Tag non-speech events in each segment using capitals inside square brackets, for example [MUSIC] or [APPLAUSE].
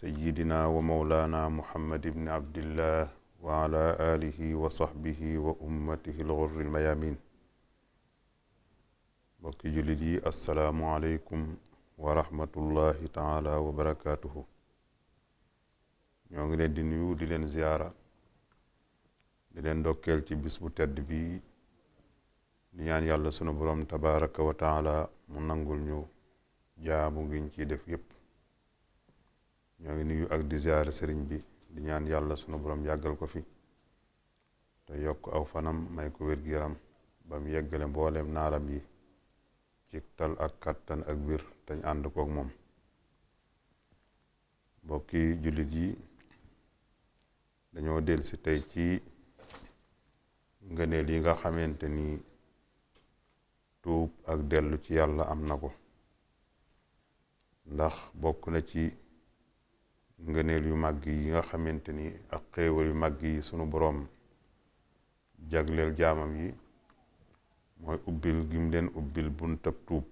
sayyidina wa mawlaana muhammad ibn abdillah wa ala alihi wa sahbihi wa ummatihi al-ghurri al-mayamin mbokki jullit yi assalaamu aleykum wa rahmatullahi taala wa barakaatuhu ñoo ngi leen di nuyu di leen ziyaara di leen dokkeel ci bis bu tedd bi di ñaan yàlla sunu borom tabaraka wa taala mu nangul ñu jaamu gi ci def yépp ñoo ngi nuyu ak di ziare sëriñ bi di ñaan yàlla sunu borom yàggal ko fi te yokk aw fanam may ko wér gu yaram ba mu yeggale mbooleem naalam yi ci ak kattan ak biir tañ ànd koog moom mbokki jullit yi dañoo del si tey ci nga ngëneel yi nga xamante ni tuub ak dellu ci yàlla am na ko ndax bokk na ci ngëneel yu màgg yi nga xamante ni ak xéewal yu màgg yi suñu boroom jagleel jaamam yi mooy ubbil gim leen ubbil buntab tuub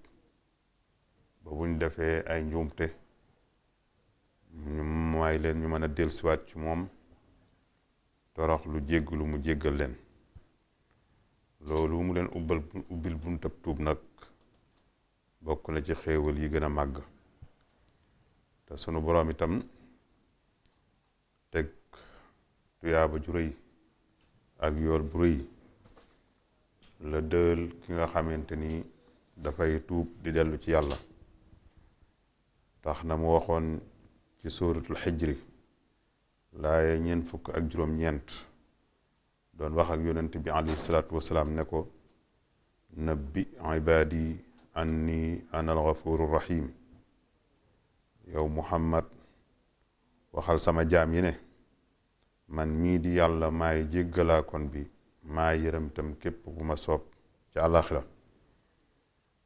ba buñ defee ay njuumte ñu may leen ñu mën a dellusiwaat ci moom torox lu jégg lu mu jéggal leen loolu mu leen ubbal ubbil buntab tuub nag bokk na ci xéewal yi gën a màgg te sunu boroom itam tuyaaba ju rëy ak yoor bu rëy la dël ki nga xamante ni dafay tuub di dellu ci yàlla tax na mu waxoon ci suuratul xijri laaye ñeent fukk ak juróom-ñeent doon wax ak yonent bi alayhi ne ko nabbi ibaadi anni ana alxafuru rahim yow muhammad waxal sama jaam yi ne man mii di yàlla maay jéggalaakoon bi maa yërëm itam képp ku ma soob ci àlaxira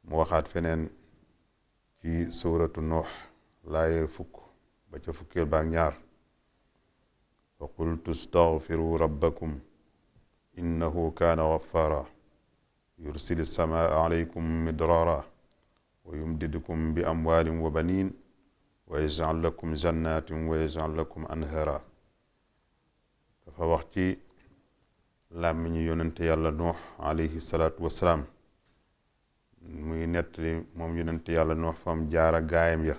mu waxaat feneen ci suuratu nuux laaye fukk ba ca fukkeel baak ñaar fa qultu staghfiru rabbakum innahu kaana ghaffara yursili samaa alaykum midrara wa yumdidkum bi amwaalin wa baniin wa yaj'al lakum jannatin wa yaj'al lakum anhara dafa wax ci làmmiñu yonente yàlla nuux alayhi salaatu wassalaam muy nettali moom yonente yàlla nuux fam jaara gaayam ya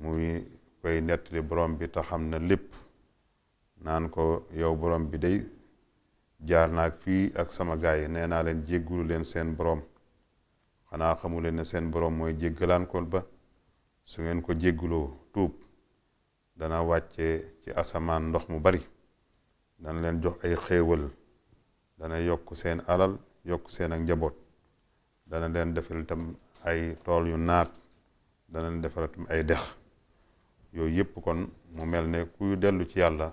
muy koy nettali borom bi te xam na lépp naan ko yow borom bi day jaar naag fii ak sama gaay yi nee naa leen jéggulu leen seen borom xanaa xamu leen seen borom mooy jéggalaan kon ba su ngeen ko jégguloo tuub dana wàcce ci asamaan ndox mu bari dana leen jox ay xéewal dana yokk seen alal yokk seen ak njaboot dana leen defal itam ay tool yu naat dana leen defal itam ay dex yooyu yëpp kon mu mel ne ku dellu ci yàlla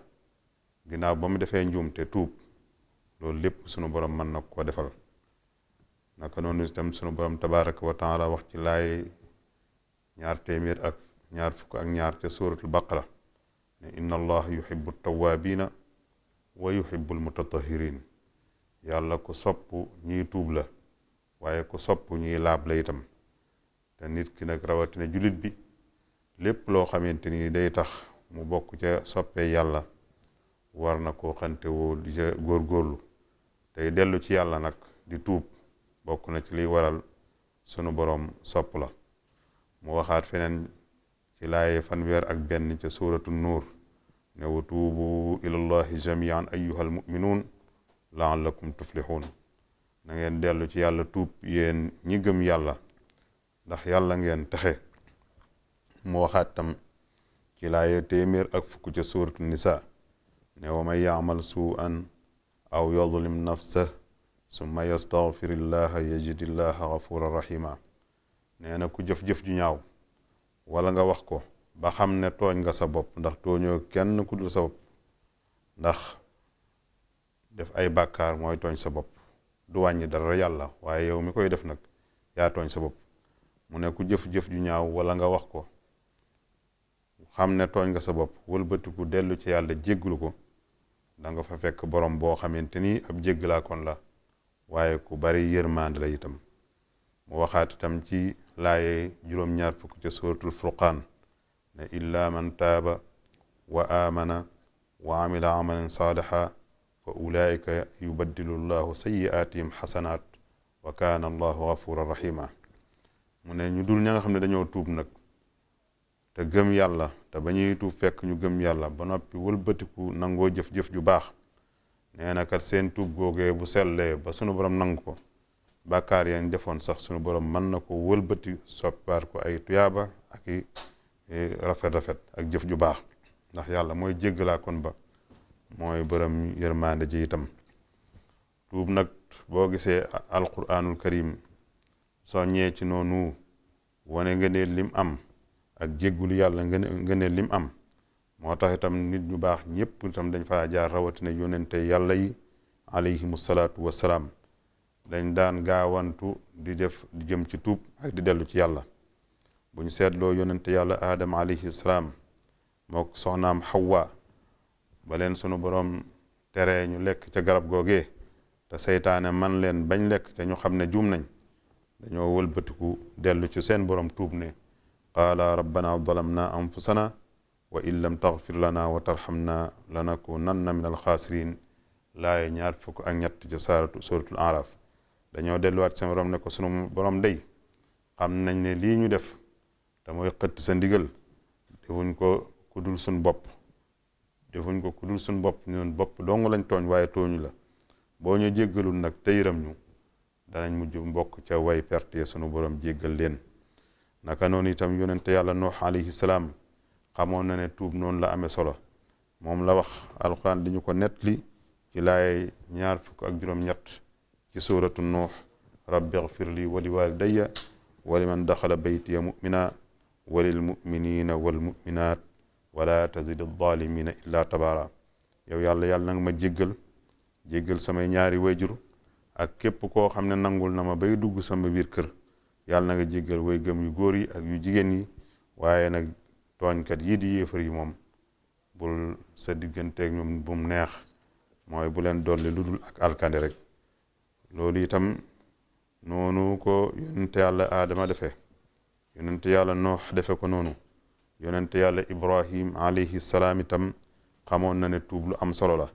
ginnaaw ba mu defee njuum te tuub loolu lépp sunu borom mën na ko defal naka noonu itam sunu borom tabaraka wa taala wax ci laay ñaar téeméer ak ñaar fukk ak ñaar ca suratul baqara ne inna allah yuhibbu tawaabiina wa yuhibbul mutatahirin yàlla ku sopp ñiy tuub la waaye ku sopp ñiy laab la itam te nit ki nag rawatina julit bi lépp loo xamante ni day tax mu bokk ca soppee yàlla war na ko xante woo góor góorlu tey dellu ci yàlla nag di tuub bokk na ci liy waral sunu boroom sopp la mu waxaat feneen ci laaye fanweer ak benn ca suuratu nuur ne wa tuubu ilallahi jamian ayyuhal muminuun laallakum tuflixuun na ngeen dellu ci yàlla tuub yéen ñi gëm yàlla ndax yàlla ngeen texe mu waxaat tam ci laaya téeméer ak fukk ca suuratu nisa ne wa man yaamal suu'an aw yadlim nafsah summa yastaghfirillaha yajidillaha gafuran rahima nee na ku jëf-jëf ju ñaaw wala nga wax ko ba xam ne tooñ nga sa bopp ndax tooñoo kenn ku dul sa ndax def ay bakkaar mooy tooñ sa bopp du wàññi dara yàlla waaye yow mi koy def nag yaa tooñ sa bopp mu ne ku jëf-jëf ju ñaaw wala nga wax ko xam ne tooñ nga sa bopp wëlbatiku dellu ci yàlla jégglu ko da nga fa fekk borom boo xamante ni ab jéggalaakoon la waaye ku bari yërmande la itam mu waxaat itam ci laaye juróom-ñaar fukk ca suratul furqaan ne illa man taaba wa aamana wa amila amalan saaliha fa ulaika yubaddilu llahu sayiaatihim xasanaat wa kaana allahu gafuran rahima mu ne ñu dul ña nga xam ne dañoo tuub nag te gëm yàlla te ba ñuy tuub fekk ñu gëm yàlla ba noppi wëlbatiku nangoo jëf-jëf ju baax nee na kat seen tuub googee bu sellee ba sunu borom nangu ko bàkkaar yañ defoon sax sunu borom mën na ko wëlbati soppaat ko ay tuyaaba ak rafet rafet ak jëf ju baax ndax yàlla mooy jéggalaa kon ba mooy borom yërmande ji itam tuub nag boo gisee alquranul karim soññee ci noonu wone nga ne lim am ak jéggulu yàlla nga ne lim am moo tax itam nit ñu baax ñëpp itam dañ faa jaar rawatina yonente yàlla yi alayhimu salaatu wassalaam dañ daan gaawantu di def di jëm ci tuub ak di dellu ci yàlla bu ñu seetloo yonente yàlla aadama alayhi salaam mook soxnaam xawwa ba baleen sunu borom tere ñu lekk ca garab googee te seytaane man leen bañ lekk ca ñu xam ne juum nañ dañoo wëlbatiku dellu ci seen borom tuub ne qaala rabbana zalamna anfusana wa in lam taxfir lana wa tarxamna lanakunanna min alxaasirin laaye ñaar fukk ak ñett ca saaratu suratul araf dañoo delluwaat seen borom ne ko sunu borom day nañ ne lii ñu def te mooy xëtt ndigal defuñ ko ku dul suñ bopp defuñ ko ku dul suñ bopp ñun bopp dong lañ tooñ waaye tooñu la boo ñu jéggalul nag te yërëm ñu danañ mujj mbokk ca way perte sunu borom jéggal leen naka noonu itam yonente yàlla noox alayhi salaam xamoon na ne tuub noonu la amee solo moom la wax alxuraan di ñu ko nettali ci laay ñaar fukk ak juróom-ñett ci suuratu nuux rabbi xfir li wa li walidayya wa liman daxala baytiya mumina walil muminina wal muminat wala tazid alzalimina illa tabara yow yàlla yàlla nanga ma jéggal jéggal samay ñaari wayjur ak képp koo xam ne nangul na ma bay dugg sama biir kër yàlla na nga jéggal gëm yu góor yi ak yu jigéen yi waaye nag tooñkat yii di yéefar yi moom bul sa digganteeg ñoom bu mu neex mooy bu leen dolli lu dul ak alkande rek loolu itam noonu ko yonent yàlla aadama defe yonent yàlla noox defe ko noonu yonent yàlla ibrahim alayhi salaam itam xamoon na ne tuub lu am solo la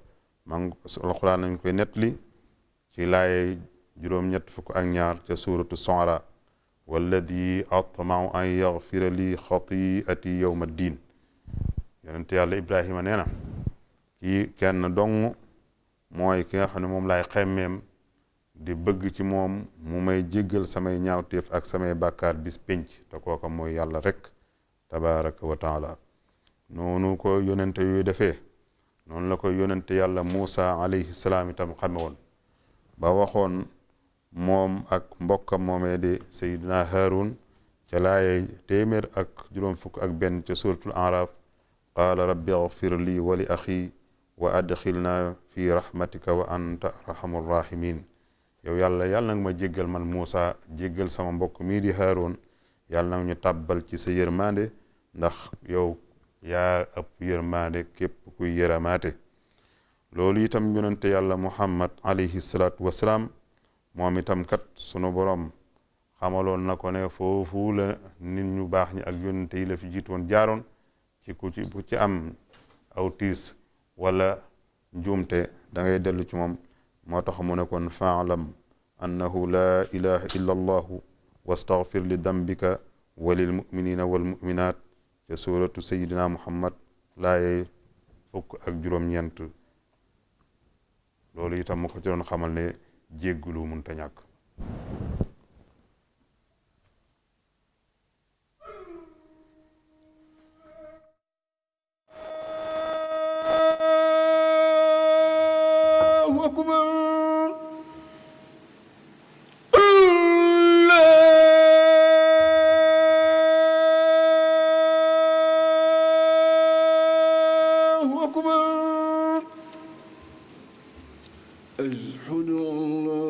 maa ngi alxuraan nañ koy nettali ci laaye juróom fukk ak ñaar ca suuratu Shu'araa walladi atmau an yaxfira li xatiati yowma diin yonent yàlla ibrahima nee na kii kenn dong mooy ki nga xam ne moom laay xemmeem di bëgg ci moom mu may jéggal samay ñaawteef ak samay bàkkaar bis pénc kooka mooy yàlla rek tabaraka wa taala noonu ko yonente yooyu defee noonu la ko yonente yàlla Muusa alayhi salaam itam xame woon ba waxoon moom ak mbokkam moomee di sayidina Haarun ca laaye téeméer ak juróom fukk ak benn ca suratul Araf qaala rabbi agfir lii wa li wa adxilna fi rahmatika wa anta arhamur rahimin yow yàlla yàlla nag ma jéggal man Muusa jéggal sama mbokk mii di Haaroon yàlla nag ñu tàbbal ci sa yërmande ndax yow yaa ëpp yërmande képp kuy yëramaate loolu itam yonente yàlla Muhammad alayhi salaatu wasalaam moom itam kat sunu borom xamaloon na ko ne foofu la nit ñu baax ñi ak yonente yi la fi jiitoon jaaroon ci ku ci bu ci am aw wala njuumte dangay dellu ci moom moo tax mu ne kon la annahu laa ilaha illa allahu wastaghfir li dambika wa lil muminina wal muminat ca suratu sayidina muhammad laayey fukk ak juróom-ñeent loolu itam mu ko ci doon xamal ne jéggulu ta ñàkk أكبر الله أكبر أشهد أن لا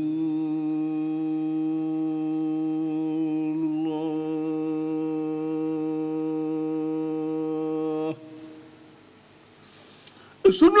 sunu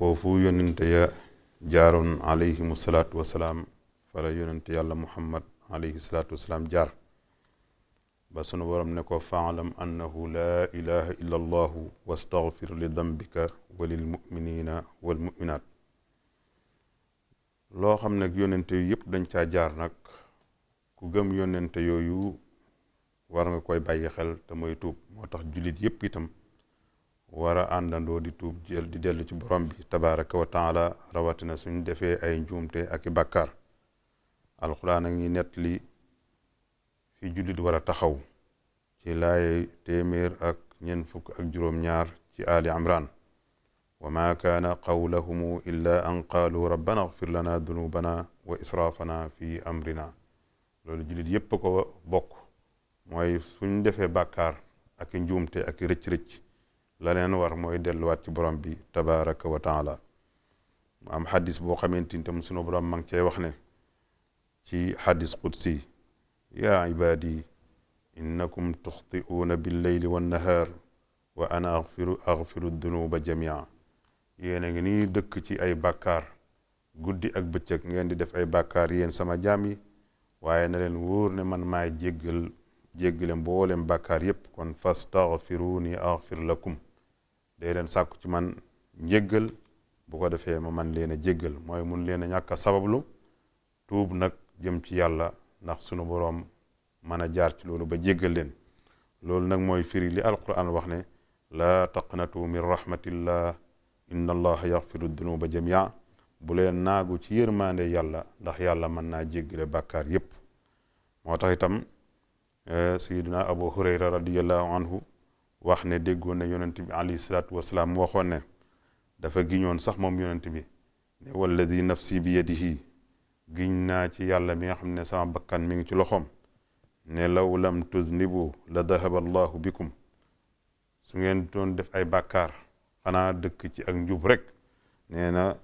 foofu yonente ya jaaroon alayhim salaatu wasalaam fala yonente yàlla muhammad alayhi salaatu wasalaam jaar ba sunu borom ne ko faalam annahu laa ilaha illa allahu wastaghfir li dambika wa lil muminina wal muminaat loo xam ne yonente yu yëpp dañ caa jaar nag ku gëm yonente yooyu war nga koy bàyyi xel te mooy tuub moo tax jullit yëpp itam war a àndandoo di tuub jël di dellu ci borom bi tabaraka wa rawatina suñ defee ay njuumte ak i bàkkaar alxuraan ak ñi nettali fi jullit war a taxaw ci laaye téeméer ak ñeent fukk ak juróom-ñaar ci ali imran wa ma kaana qawlahumu illa an qaalu rabbana xfir lana dunubana wa israafana fi amrina loolu jullit yépp bokk mooy suñ defee bàkkaar ak i njuumte ak i rëcc la war mooy delluwaat ci borom bi tabaraka wa mu am xadis boo xamante ni tam sunu borom ma ngi cee wax ne ci xadis qudsi yaa ibaadi innakum tuxti'uuna billeyli wannahaar wa ana agfiru agfiru dunuba jamia yéen a ngi nii dëkk ci ay bakkar guddi ak bëccëg ngeen di def ay bàkkaar yéen sama jaam yi waaye na leen wóor man maay jéggal jéggale mboolem bàkkaar yépp kon fastaghfiruni aghfir lakum day leen sàkku ci man njéggal bu ko defee ma man leen a jéggal mooy mun leen a ñàkk a sabablu tuub nag jëm ci yàlla ndax sunu boroom mën a jaar ci loolu ba jéggal leen loolu nag mooy firi li alquran wax ne laa taqnatu min rahmatillah inna allaha yaxfiru dunuba jamia bu leen naagu ci yërmaande yàlla ndax yàlla mën naa jéggale bàkkaar yépp moo tax itam eh, sayiduna abu hurayra radiallahu anhu wax ne déggoon na yonent bi alayhi salaatu wasalaam waxoon ne dafa giñoon sax moom yonent bi ne walladi nafsi bi yadihi giñ naa ci yàlla mi nga xam ne sama bakkan mi ngi ci loxoom ne law lam tuznibu la dahaba allahu bikum su ngeen toon def ay bàkkaar xanaa dëkk ci ak njub rek nee na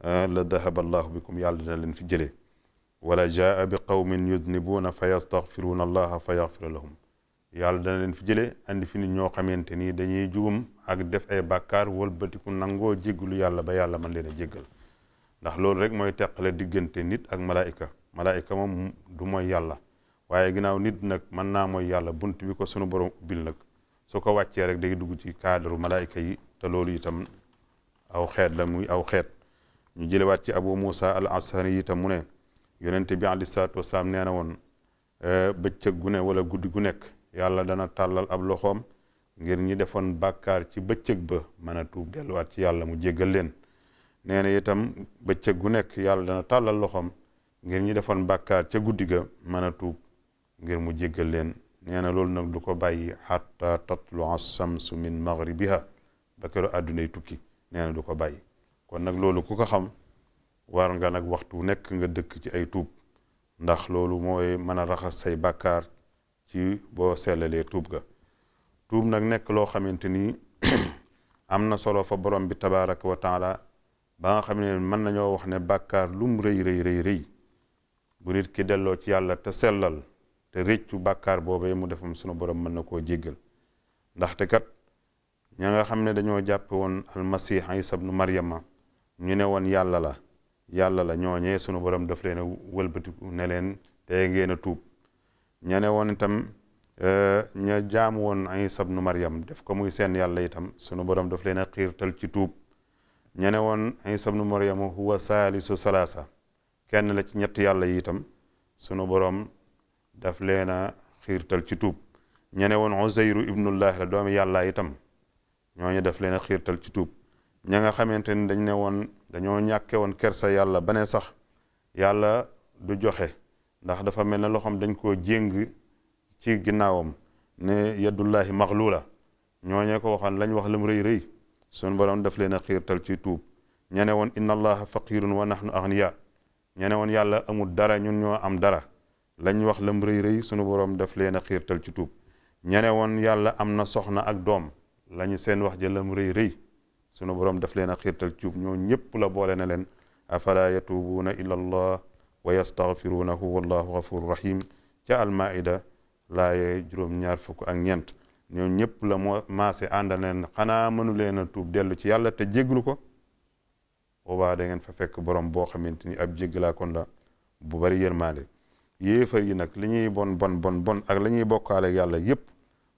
ah, la dahaba allahu bikum yàlla dina leen fi jëlee wala jaa bi qawmin yudnibuuna fa yastaghfiruuna allaha fa yaghfira lahum yàlla dana leen fi jëlee andi fi nit ñoo xamante ni dañuy juum ak def ay bàkkaar wëlbatiku nangoo jéggalu yàlla ba yàlla mën leen a jéggal ndax loolu rek mooy teqale diggante nit ak malaayika malaayika moom du mooy yàlla waaye ginnaaw nit nag mën naa mooy yàlla bunt bi ko sunu borom ubbil nag su ko wàccee rek day dugg ci cadre malayka yi te loolu itam aw xeet la muy aw xeet ñu jëlewaat ci abu musa al ashari itam mu ne yonente bi alayhi saato wasalaam nee woon eh, bëccëg gu ne wala guddi gu nekk yàlla dana tàllal ab loxoom ngir ñi defoon bakkaar ci bëccëg ba mën a tuub delluwaat ci yàlla mu jéggal leen nee na itam bëccëg gu nekk yàlla dana tàllal loxoom ngir ñi defoon bàkkaar ca guddi ga mën tuub ngir mu jéggal leen nee na loolu nag du ko bàyyi xatta tatlu assamsu min maghribiha ba keroog àddunay tukki nee na du ko bàyyi kon nag loolu ku ko xam war nga nag waxtu nekk nga dëkk ci ay tuub ndax loolu mooy mën a raxas say bàkkaar ci boo sellalee tuub ga tuub nag nekk loo xamante ni [CLEARS THROAT] am na solo fa borom bi tabaraka wa baa nga xam ne mën nañoo wax ne bàkkaar lum rëy rëy rëy rëy bu nit ki delloo ci yàlla te sellal te rëccu bàkkaar boobee mu defam sunu borom mën na koo jéggal ndaxte kat ña nga xam ne dañoo jàppe woon almasih isa nu maryama ñu ne woon yàlla la yàlla la ñooñee sunu borom daf leen a wëlbati ne leen tey ngeen a tuub ña ne woon itam euh, ña jaam woon Isa nu Maryam def ko muy seen yàlla itam sunu borom daf leen a xiirtal ci tuub ña ne woon Isa ibnu Maryam huwa saalisu salaasa kenn la ci ñetti yàlla yitam sunu borom daf leen a xiirtal ci tuub ña ne woon Uzayru ibnullahi la doomi yàlla itam ñooñu daf leen a xiirtal ci tuub ña nga xamante ni dañ ne woon dañoo ñàkke woon kersa yàlla ba ne sax yàlla du joxe ndax dafa mel ne loxoom dañ koo jéng ci ginnaawam ne yadullahi ñoo ñooñee ko waxoon lañ wax lam rëy rëy sunu borom daf leen a xiirtal ci tuub ñene woon inna allaha faqirun wa nahnu aghniya ñene woon yàlla amul dara ñun ñoo am dara lañ wax lam rëy rëy sunu borom daf leen a xiirtal ci tuub ñene woon yàlla am na soxna ak doom lañu seen wax ja lam rëy rëy sunu borom daf leen a xiirtal ci tuub ñoo ñëpp la boole ne leen afala yatubuuna ila allah wa yastaghfirunahu wallahu ghafurur rahim ca almaida laaye juróom-ñaar fukk ak ñeent ñoom ñëpp la moo maase àndal leen xanaa mënu leen a tuub dellu ci yàlla te jéglu ko boobaa da fa fekk borom boo xamante ni ab jéglaa kon la bu bari yërmaande yéefar yi nag li ñuy bon bon bon bon ak la ñuy bokkaale yàlla yépp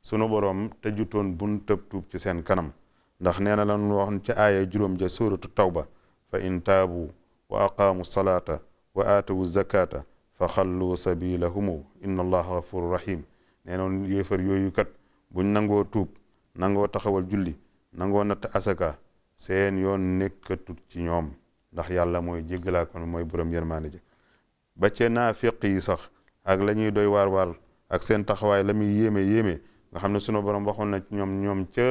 sunu borom tëjutoon bun tëb tuub ci seen kanam ndax nee na lan waxoon ca aaya juróom ja suuratu tawba fa in taabu wa aqaamu salaata wa aatawu zakata fa xallu sabilahumu inna allaha gafuru rahim nee noon yéefar yooyu kat buñ nangoo tuub nangoo taxawal julli nango natt asaka seen yoon nekkatut ci ñoom ndax yàlla mooy jéggalaa kon mooy borom yërmaande ji ba ca naafiq yi sax ak la ñuy doy waar waar ak seen taxawaay la muy yéeme yéeme nga xam ne sunu borom waxoon na ci ñoom ñoom ca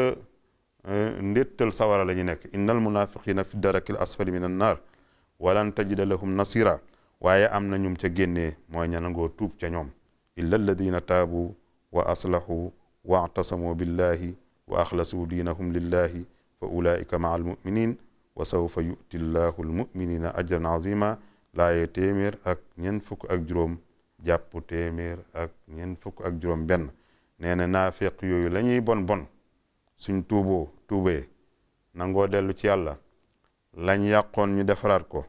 e, ndéttal sawara la ñu nekk innal munafiqina fi darakil asfali min an naar walan tajida lahum nasira waaye am na ñum ca génnee mooy ña nangoo ca ñoom illa alladina taabu wa aslahu wa atasamu billahi wa axlasuu diinahum lillahi fa ulaika maa almuminin wa sawfa yuti llahu ajran azima laaye téeméer ak ñeent fukk ak juróom jàpp téeméer ak ñeent fukk ak juróom benn nee na yooyu la bon bon suñ tuuboo tuubee nangoo dellu ci yàlla lañ yàqoon ñu defaraat ko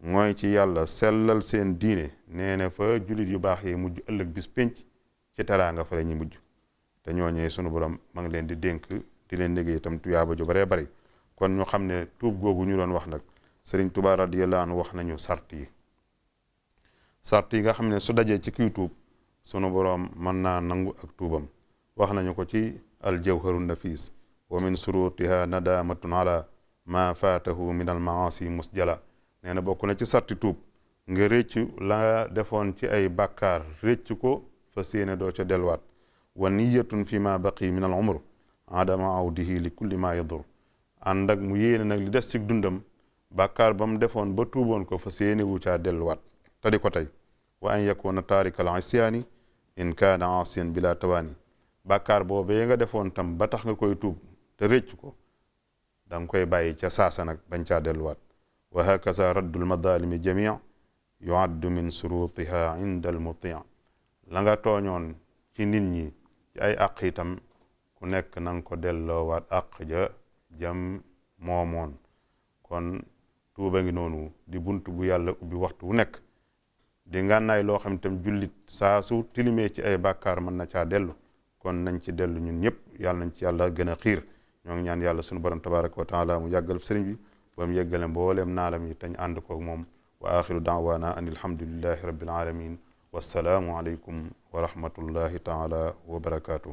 mooy ci yàlla sellal seen diine nee na fa jullit yu baax yi mujj ëllëg bis pénc ci teraanga fa la mujj te ñooñee sunu borom ma ngi leen di dénk di leen liggéey itam tuyaaba ju bare bari kon ñu xam ne tuub googu ñu doon wax nag Sëriñ Tuubaa radiyallaahu anhu wax nañu sarti yi sart yi nga xam ne su dajee ci kiy tuub sunu borom mën naa nangu ak tuubam wax nañu ko ci aljawharu nafis wa min surutiha nadamatun ala ma faatahu min al musjala nee na bokk na ci sarti tuub nga réccu la defoon ci ay bàkkaar réccu ko fa yéene doo ca delluwaat wa niyatun fi ma baqi min al umr adama awdihi li ma yadur ànd ak mu yéene nag li des ci dundam bàkkaar ba mu defoon ba tuuboon ko fa yéene wu caa delluwaat te di ko tey wa an yakuna taarika al isyaani in kaana asiyan bila tawaani bàkkaar boobee nga defoon tam ba tax nga koy tuub te réccu ko da koy bàyyi ca saasa nag bañ caa delluwaat wa hakaza raddu almadalimi jamia yuaddu min surutiha inda almutia la nga tooñoon ci nit ñi ci ay àq ku nekk na nga ko delloowaat àq ja jam moomoon kon tuuba ngi noonu di bunt bu yàlla ubbi waxtu wu nekk di ngànnaay loo xam itam jullit saa su tilimee ci ay bàkkaar man na caa dellu kon nañ ci dellu ñun ñëpp yàlla nañ ci yàlla gën a xiir ñoo ngi ñaan yàlla sunu borom tabaraka wa taala mu yàggal sëriñ bi ba mu yeggale mbooleem naalam yi tañ ànd koog moom wa axiru daawaana an alhamdulillahi rabbil alamin wassalaamu aleykum wa rahmatullahi taala wa barakaatu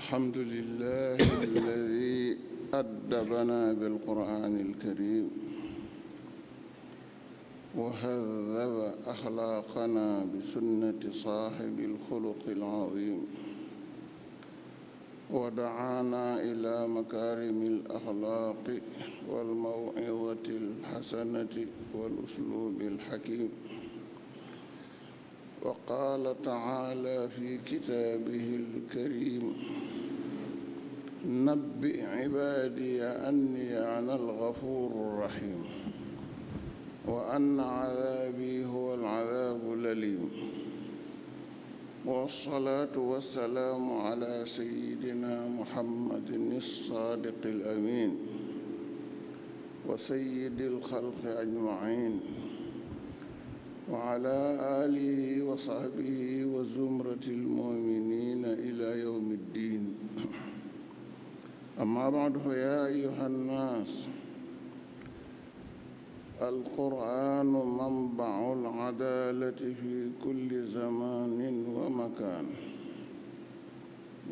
الحمد لله الذي أدبنا بالقرآن الكريم وهذب أخلاقنا بسنة صاحب الخلق العظيم ودعانا إلى مكارم الأخلاق والموعظة الحسنة والأسلوب الحكيم وقال تعالى في كتابه الكريم نبئ عبادي أني أنا الغفور الرحيم وأن عذابي هو العذاب الأليم والصلاة والسلام على سيدنا محمد الصادق الأمين وسيد الخلق أجمعين وعلى آله وصحبه وزمرة المؤمنين إلى يوم الدين أما بعد فيا أيها الناس القرآن منبع العدالة في كل زمان ومكان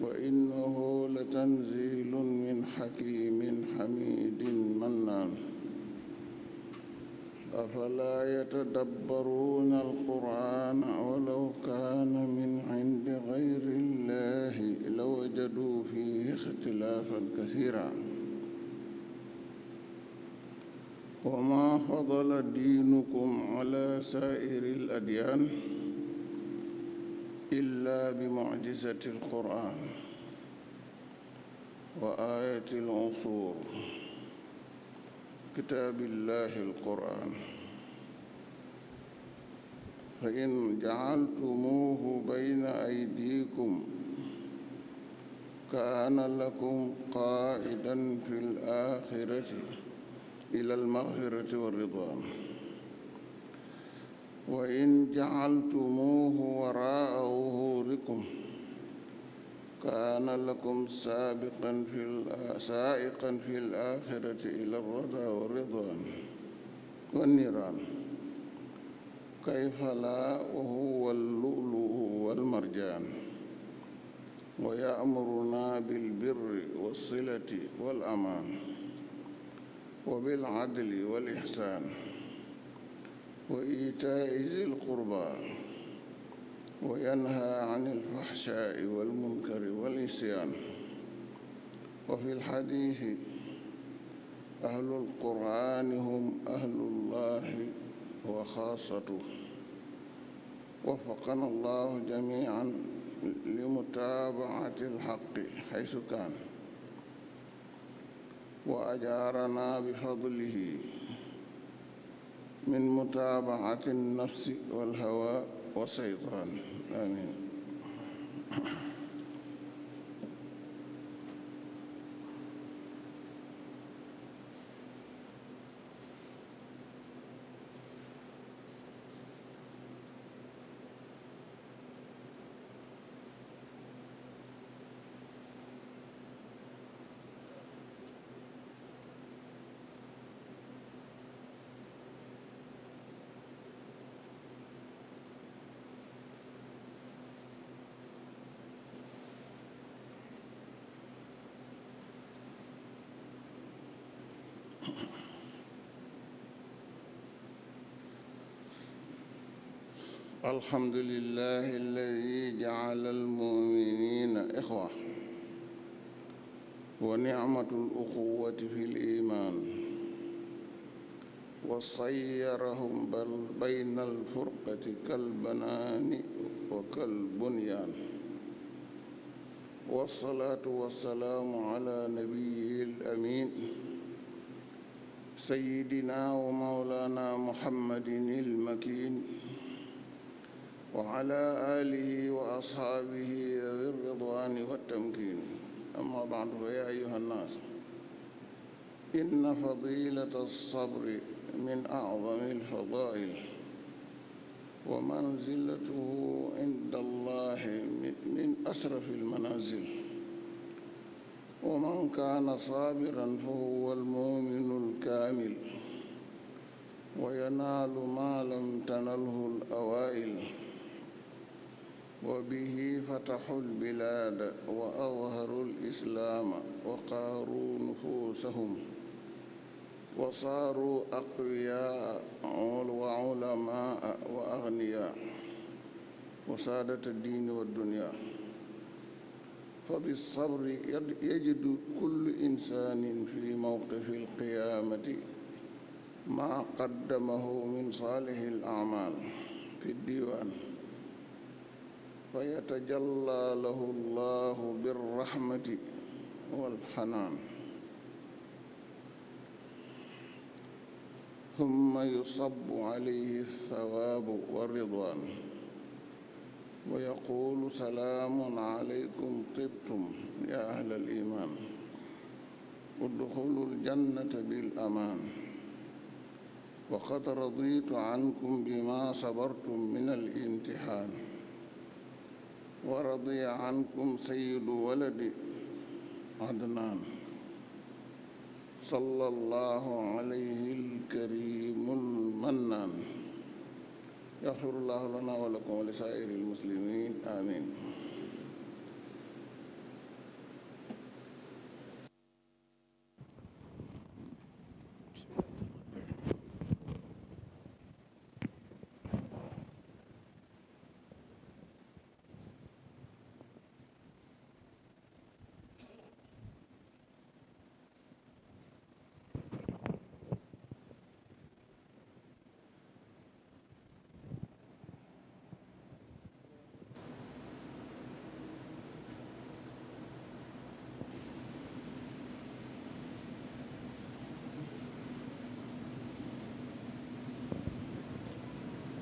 وإنه لتنزيل من حكيم حميد منان أفلا يتدبرون القرآن ولو كان من عند غير الله لوجدوا فيه اختلافا كثيرا وما فضل دينكم على سائر الأديان إلا بمعجزة القرآن وآية العصور كتاب الله القرآن فإن جعلتموه بين أيديكم كان لكم قائدا في الآخرة إلى المغفرة والرضوان وإن جعلتموه وراء ظهوركم kaana lakum saabiqan fil saa'iqan fil aaxirati ilaa radaa wa ridwaan wa niiraan kayfa laa wa huwa al-lu'lu'u wal marjaan wa ya'murunaa bil birri was-silati wal amaan wa bil adli wal ihsaan wa iitaa'i zil qurbaa wa yanhaa anil fahshaa'i wal munkar والإسيان وفي الحديث أهل القرآن هم أهل الله وخاصته وفقنا الله جميعا لمتابعة الحق حيث كان وأجارنا بفضله من متابعة النفس والهوى والشيطان آمين الحمد لله الذي جعل المؤمنين إخوة ونعمة الأخوة في الإيمان وصيرهم بل بين الفرقة كالبنان وكالبنيان والصلاة والسلام على نبيه الأمين سيدنا ومولانا محمد المكين وعلى آله وأصحابه ذوي الرضوان والتمكين أما بعد فيا أيها الناس إن فضيلة الصبر من أعظم الفضائل ومنزلته عند الله من أشرف المنازل ومن كان صابرا فهو المؤمن الكامل وينال ما لم تنله الأوائل وبه فتحوا البلاد وأظهروا الإسلام وقاروا نفوسهم وصاروا أقوياء وعلماء وأغنياء وسادة الدين والدنيا فبالصبر يجد كل إنسان في موقف القيامة ما قدمه من صالح الأعمال في الديوان fa yatajalla lahu llahu birrahmati walxanaan summa yusabu alayhi sawaabu wa ridwaan wa yaquulu salaamun alaykum tibtum yaa ahlal iimaan udxulul jannata bil amaan wa qad radiitu ankum bimaa sabartum minal imtixaan ورضي عنكم سيد ولد عدنان صلى الله عليه الكريم المنان يغفر الله لنا ولكم ولسائر المسلمين آمين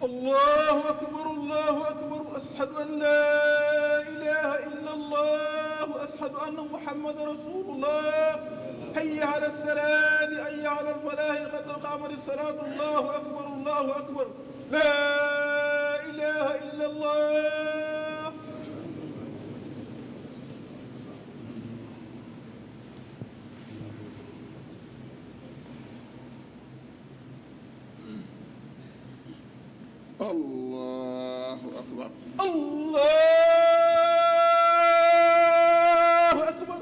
الله أكبر الله أكبر أشهد أن لا إله إلا الله أشهد أن محمد رسول الله حي على السلام حي على الفلاح قد قامت الصلاة الله أكبر الله أكبر لا إله إلا الله allahu akbar allahu akbar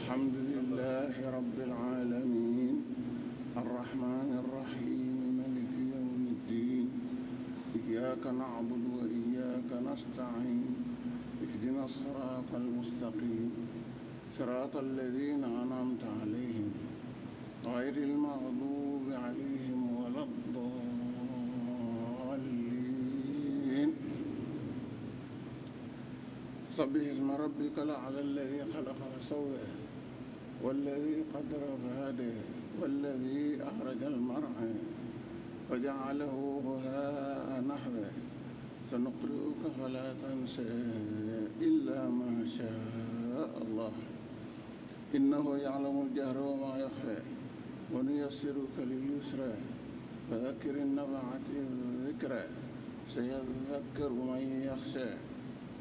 alhamdulilahi rabbil alamin arrahman arrahim maliki yawmi ddin iyyaka na'budu wa iyyaka nasta'in ihdina sirata almustaqim sirata alladhi sabbih isma rabbika al-a'laa allazii xalaqa fa sawwaa wallazii qaddara fa hadaa wallazii axraja al-mar'aa fa ja'alahu ghusaa'an nahwaa sanuqri'uka falaa tansaa illaa maa shaa'a allaah innahu ya'lamu al-jahra wa maa yaxfaa wa nuyassiruka lil-yusraa fadhakkir in nafaati dhikraa sayadhakkaru man yaxshaa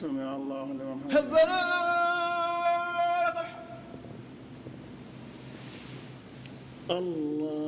سمع الله لمن حمده الله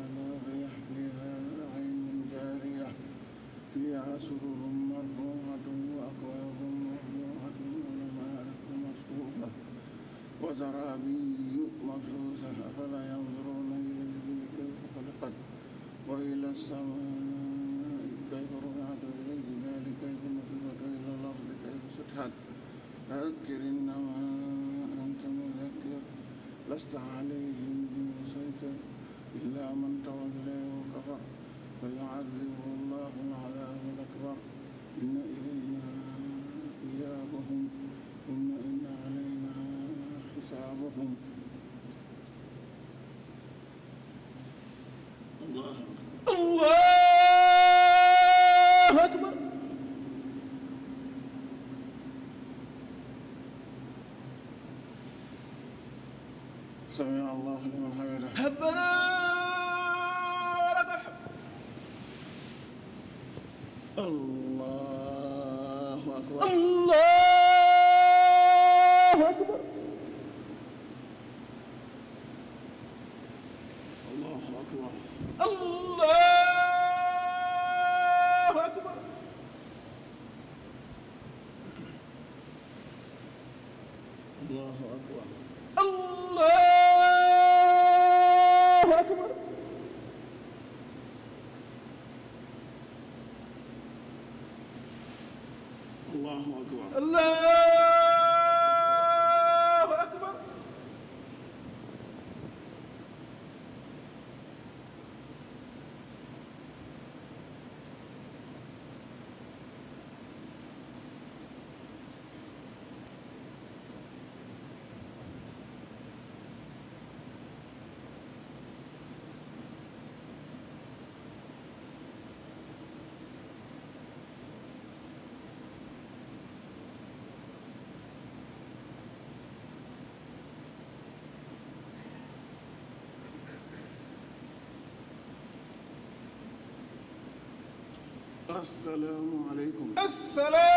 سرر مرفوعة وأكواب موضوعة ونمارق مصفوفة وزرابي مبثوثة أفلا ينظرون إلى الإبل كيف خلقت وإلى السماء كيف رفعت وإلى الجبال كيف نصبت وإلى الأرض كيف سطحت فذكر إنما أنت مذكر لست عليهم بمسيطر إلا من تولى وكفر فيعذبه أعصابهم الله الله أكبر سمع الله لمن حمده ربنا assalaamu aleykum.